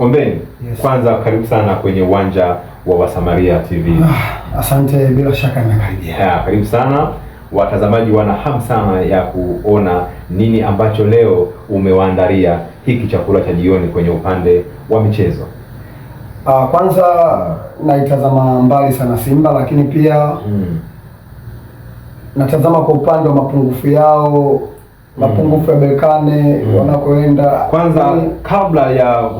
Ombeni, yes. Kwanza karibu sana kwenye uwanja wa Wasamaria TV. Ah, asante, bila shaka nakaribia. Ya, karibu sana watazamaji, wana hamu sana ya kuona nini ambacho leo umewaandalia hiki chakula cha jioni kwenye upande wa michezo. Ah, kwanza naitazama mbali sana Simba, lakini pia hmm, natazama kwa upande wa mapungufu yao hmm. mapungufu ya Berkane mm. wanakoenda kwanza, kabla ya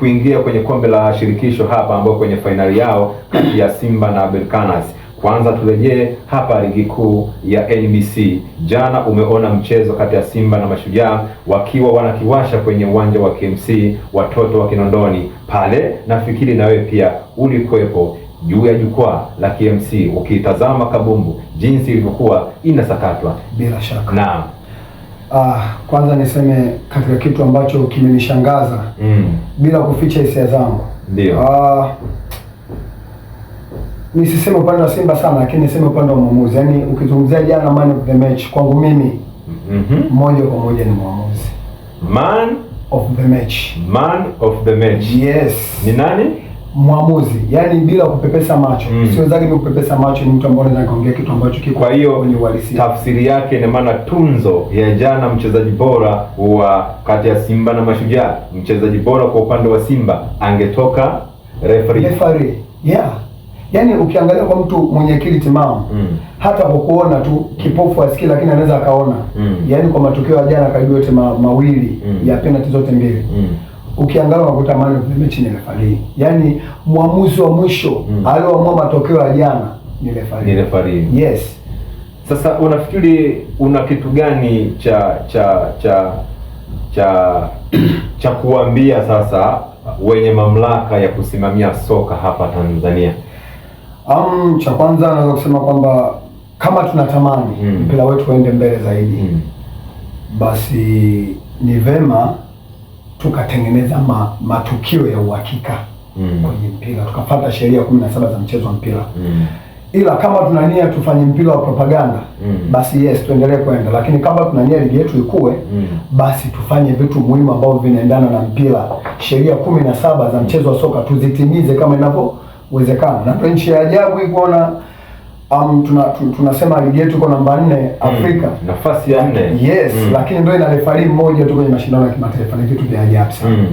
kuingia kwenye kombe la shirikisho hapa, ambapo kwenye fainali yao kati ya Simba na berkanas Kwanza turejee hapa ligi kuu ya NBC. Jana umeona mchezo kati ya Simba na Mashujaa wakiwa wanakiwasha kwenye uwanja wa KMC, watoto wa Kinondoni pale. Nafikiri na wewe pia ulikuwepo juu ya jukwaa la KMC ukiitazama kabumbu jinsi ilivyokuwa inasakatwa. Bila shaka, naam. Ah, kwanza niseme katika kitu ambacho kimenishangaza mm. bila kuficha hisia zangu ndio. Ah, nisiseme upande wa Simba sana, lakini niseme upande wa mwamuzi. Yaani ukizungumzia jana man of the match kwangu mimi mm -hmm. moja kwa moja ni mwamuzi man of the match. Man of the match. Yes. Ni nani? mwamuzi yani, bila kupepesa macho mm. Siwezake ni kupepesa macho, ni mtu ambaye anaweza kuongea kitu ambacho kiko kwa hiyo kwenye uhalisia. Tafsiri yake ni maana tunzo ya jana mchezaji bora wa kati ya Simba na Mashujaa, mchezaji bora kwa upande wa Simba angetoka referee, referee yeah. Yani ukiangalia kwa mtu mwenye akili timamu mm. hata kwa kuona tu kipofu asikii, lakini anaweza akaona mm. yani kwa matokeo ya jana akajua yote ma, mawili mm. ya penalty zote mbili mm ukiangalia unakuta maana mechi ni refarii, yaani mwamuzi wa mwisho mm. alioamua matokeo ya jana ni refarii. Ni refarii. Yes. Sasa unafikiri una kitu gani cha cha cha cha cha kuambia sasa wenye mamlaka ya kusimamia soka hapa Tanzania? Um, cha kwanza naweza kusema kwamba kama tunatamani mm. mpira mm. wetu uende mbele zaidi mm. basi ni vema tukatengeneza ma, matukio ya uhakika mm. kwenye mpira tukafuata sheria kumi na saba za mchezo wa mpira mm. Ila kama tunania tufanye mpira wa propaganda mm. basi yes, tuendelee kwenda, lakini kama tunania ligi yetu ikue mm. basi tufanye vitu muhimu ambavyo vinaendana na mpira. Sheria kumi na saba za mchezo wa soka tuzitimize kama inavyowezekana, na nchi ya ajabu ikuona Um, tuna, tunasema ligi yetu iko namba nne mm, Afrika mm, nafasi ya nne yes mm. Lakini ndio ina refari mmoja tu kwenye mashindano ya kimataifa, ni kitu vya ajabu sana mm.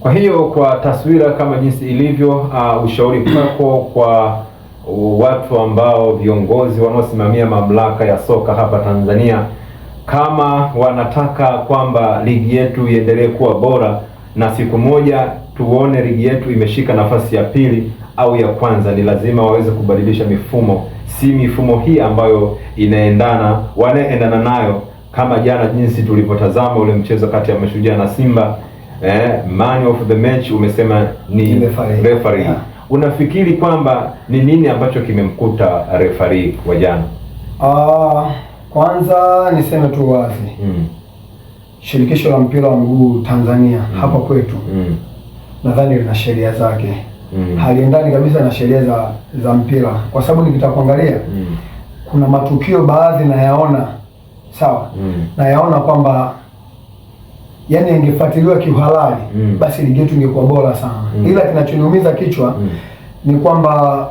Kwa hiyo kwa taswira kama jinsi ilivyo, uh, ushauri kwako kwa watu ambao viongozi wanaosimamia mamlaka ya soka hapa Tanzania kama wanataka kwamba ligi yetu iendelee kuwa bora na siku moja tuone ligi yetu imeshika nafasi ya pili au ya kwanza, ni lazima waweze kubadilisha mifumo, si mifumo hii ambayo inaendana wanaendana nayo kama jana, jinsi tulivyotazama ule mchezo kati ya Mashujaa na Simba. Eh, man of the match umesema ni referee yeah. Unafikiri kwamba ni nini ambacho kimemkuta referee wa jana? Uh, kwanza niseme tu wazi mm. Shirikisho la mpira wa mguu Tanzania mm. hapa kwetu mm. nadhani lina sheria zake mm. haliendani kabisa na sheria za, za mpira, kwa sababu nikitakuangalia mm. kuna matukio baadhi nayaona sawa mm. nayaona kwamba yani ingefuatiliwa kiuhalali mm. basi ligi yetu ingekuwa bora sana mm. ila kinachoniumiza kichwa mm. ni kwamba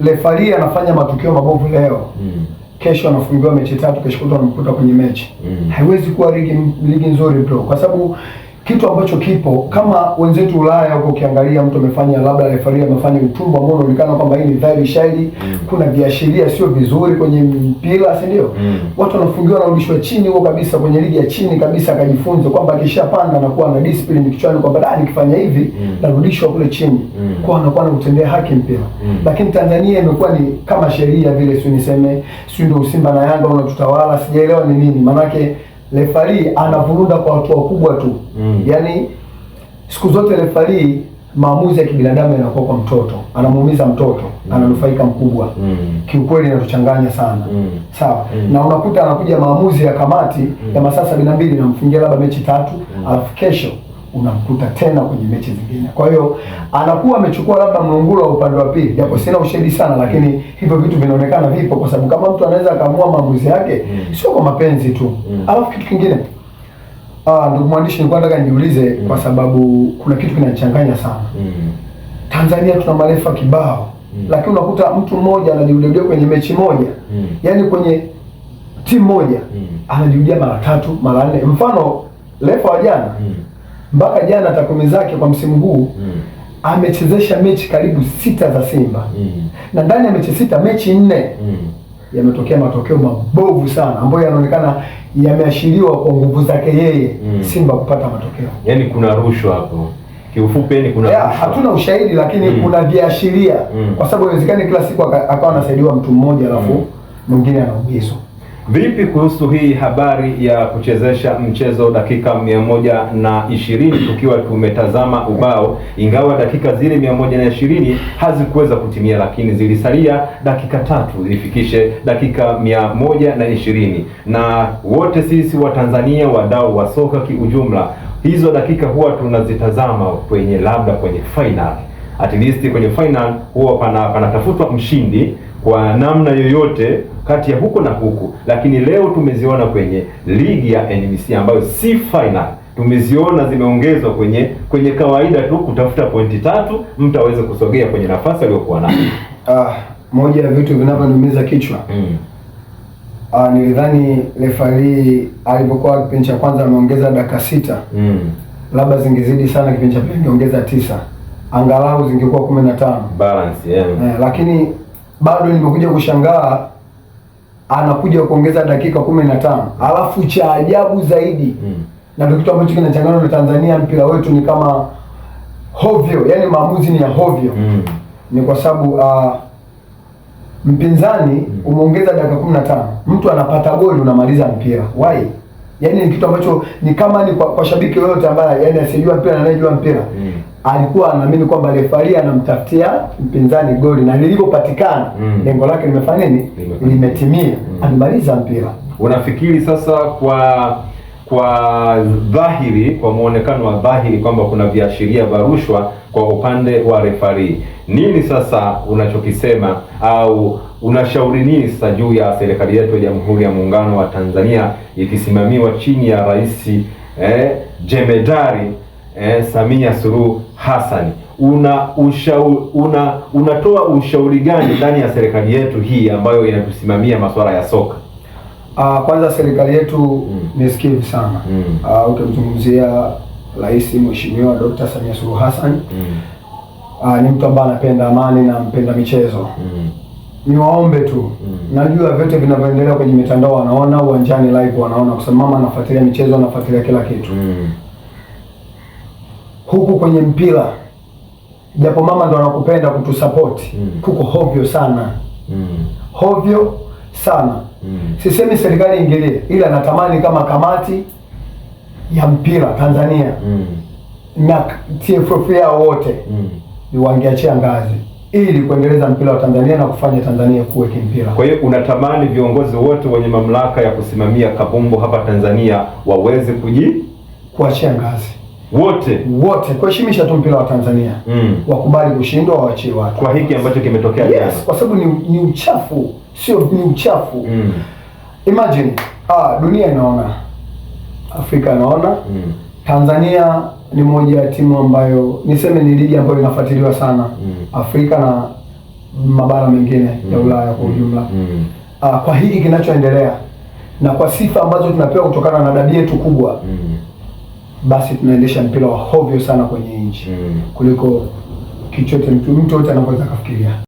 lefari anafanya matukio mabovu leo mm. kesho anafungiwa mechi tatu, kesho kutwa anamkuta kwenye mechi mm. haiwezi kuwa ligi, ligi nzuri bro, kwa sababu kitu ambacho kipo kama wenzetu Ulaya huko, ukiangalia mtu amefanya labda refari amefanya utumbo ambao unaonekana kwamba hii ni dhahiri shahidi mm. kuna viashiria sio vizuri kwenye mpira, si ndio? mm. watu wanafungiwa, wanarudishwa chini huko kabisa kwenye ligi ya chini kabisa, akajifunza kwamba akishapanda anakuwa na discipline kichwani kwamba da, nikifanya hivi mm. narudishwa kule chini mm. kwa anakuwa anakutendea haki mpira mm. Lakini Tanzania imekuwa ni kama sheria vile, sio niseme, sio ndio? Simba na Yanga unatutawala, sijaelewa ni nini maanake lefari anavuruda kwa hatua kubwa tu mm. Yaani siku zote lefari maamuzi ya kibinadamu yanakuwa kwa mtoto, anamuumiza mtoto mm. ananufaika mkubwa mm. Kiukweli inatuchanganya sana mm. sawa mm. na unakuta anakuja maamuzi ya kamati mm. ya masaa sabini na mbili namfungia labda mechi tatu mm. alafu kesho unamkuta tena kwenye mechi zingine. Kwa hiyo anakuwa amechukua labda mlungulo wa upande wa pili, japo sina ushahidi sana, lakini hivyo vitu vinaonekana vipo, kwa sababu kama mtu anaweza akaamua maamuzi yake mm. sio kwa mapenzi tu mm. alafu kitu kingine ah, ndugu mwandishi, nilikuwa nataka niulize mm. kwa sababu kuna kitu kinachanganya sana mm. Tanzania tuna marefa kibao mm. lakini unakuta mtu mmoja anajirudia kwenye mechi moja mm. yaani kwenye timu moja mm. anajirudia mara tatu mara nne. Mfano refa wa jana mm mpaka jana takwimu zake kwa msimu huu mm. amechezesha mechi karibu sita za Simba mm. na ndani ya mechi sita mechi nne mm. yametokea matokeo mabovu sana ambayo yanaonekana yameashiriwa kwa nguvu zake yeye mm. Simba kupata matokeo. Yaani kuna rushwa hapo. Kiufupi yaani kuna yeah, hatuna ushahidi lakini mm. kuna viashiria mm. kwa sababu inawezekana kila siku akawa anasaidiwa mtu mmoja alafu hmm. mwingine mm. anaugizwa. Vipi kuhusu hii habari ya kuchezesha mchezo dakika mia moja na ishirini tukiwa tumetazama ubao, ingawa dakika zile mia moja na ishirini hazikuweza kutimia, lakini zilisalia dakika tatu zifikishe dakika mia moja na ishirini na wote sisi Watanzania wadau wa soka kiujumla, hizo dakika huwa tunazitazama kwenye labda kwenye final, at least kwenye final huwa panatafutwa pana mshindi kwa namna yoyote kati ya huku na huku, lakini leo tumeziona kwenye ligi ya NBC ambayo si final tumeziona zimeongezwa kwenye kwenye kawaida tu kutafuta pointi tatu, mtu aweze kusogea kwenye nafasi aliyokuwa nayo. Ah, moja ya vitu vinavyoniumiza kichwa mm. Ah, nilidhani refari alipokuwa kipindi cha kwanza ameongeza dakika sita mm. labda zingezidi sana, kipindi cha pili ongeza tisa, angalau zingekuwa kumi na tano balance yeah. Eh, lakini bado nimekuja kushangaa anakuja kuongeza dakika kumi na tano. Alafu cha ajabu zaidi mm. na ndio kitu ambacho kinachanganywa na Tanzania, mpira wetu ni kama hovyo, yani maamuzi ni ya hovyo mm. ni kwa sababu uh, mpinzani mm. umeongeza dakika kumi na tano, mtu anapata goli unamaliza mpira why Yaani ni kitu ambacho ni kama ni kwa, kwa shabiki yoyote ambaye yaani asijua mpira na anayejua mpira mm. alikuwa anaamini kwamba refari anamtafutia mpinzani goli na lilipopatikana mm. lengo lake limefanya nini? Limetimia, mm. alimaliza mpira. Unafikiri sasa kwa kwa dhahiri, kwa muonekano wa dhahiri kwamba kuna viashiria vya rushwa kwa upande wa refarii. Nini sasa unachokisema au unashauri nini sasa juu ya serikali yetu ya Jamhuri ya Muungano wa Tanzania ikisimamiwa chini ya Rais eh, jemedari eh, Samia Suluhu Hassan? Una, ushau, una unatoa ushauri gani ndani ya serikali yetu hii ambayo inatusimamia masuala ya soka? Uh, kwanza serikali yetu mm. ni sikivu sana mm. uh, ukimzungumzia Rais Mheshimiwa Dr. Samia Suluhu Hassan mm. uh, ni mtu ambaye anapenda amani na mpenda michezo mm. ni waombe tu mm. najua vyote vinavyoendelea kwenye mitandao wanaona, uwanjani live wanaona, kwa sababu mama anafuatilia michezo, anafuatilia kila kitu mm. huku kwenye mpira, japo mama ndo anakupenda kutusapoti mm. kuko hovyo sana mm. hovyo sana mm. Sisemi serikali ingilie, ila natamani kama kamati ya mpira Tanzania mm. na TFF wote mm. wangeachia ngazi ili kuendeleza mpira wa Tanzania na kufanya Tanzania kuwe kimpira. Kwa hiyo unatamani viongozi wote wenye mamlaka ya kusimamia kabumbu hapa Tanzania waweze kuji kuachia ngazi wote wote kuheshimisha tu mpira wa Tanzania mm. wakubali kushindwa, waachie watu, kwa hiki ambacho kimetokea yes, kwa sababu ni, ni uchafu sio ni uchafu mm. Imagine ah, dunia inaona, Afrika inaona mm. Tanzania ni moja ya timu ambayo niseme ni ligi ambayo inafuatiliwa sana mm. Afrika na mabara mengine mm. ya Ulaya kwa mm. ujumla mm. ah, kwa hiki kinachoendelea na kwa sifa ambazo tunapewa kutokana na dabi yetu kubwa mm. basi tunaendesha mpira wa hovyo sana kwenye nchi mm. kuliko kichote mtu mtu yote anapoweza kafikiria.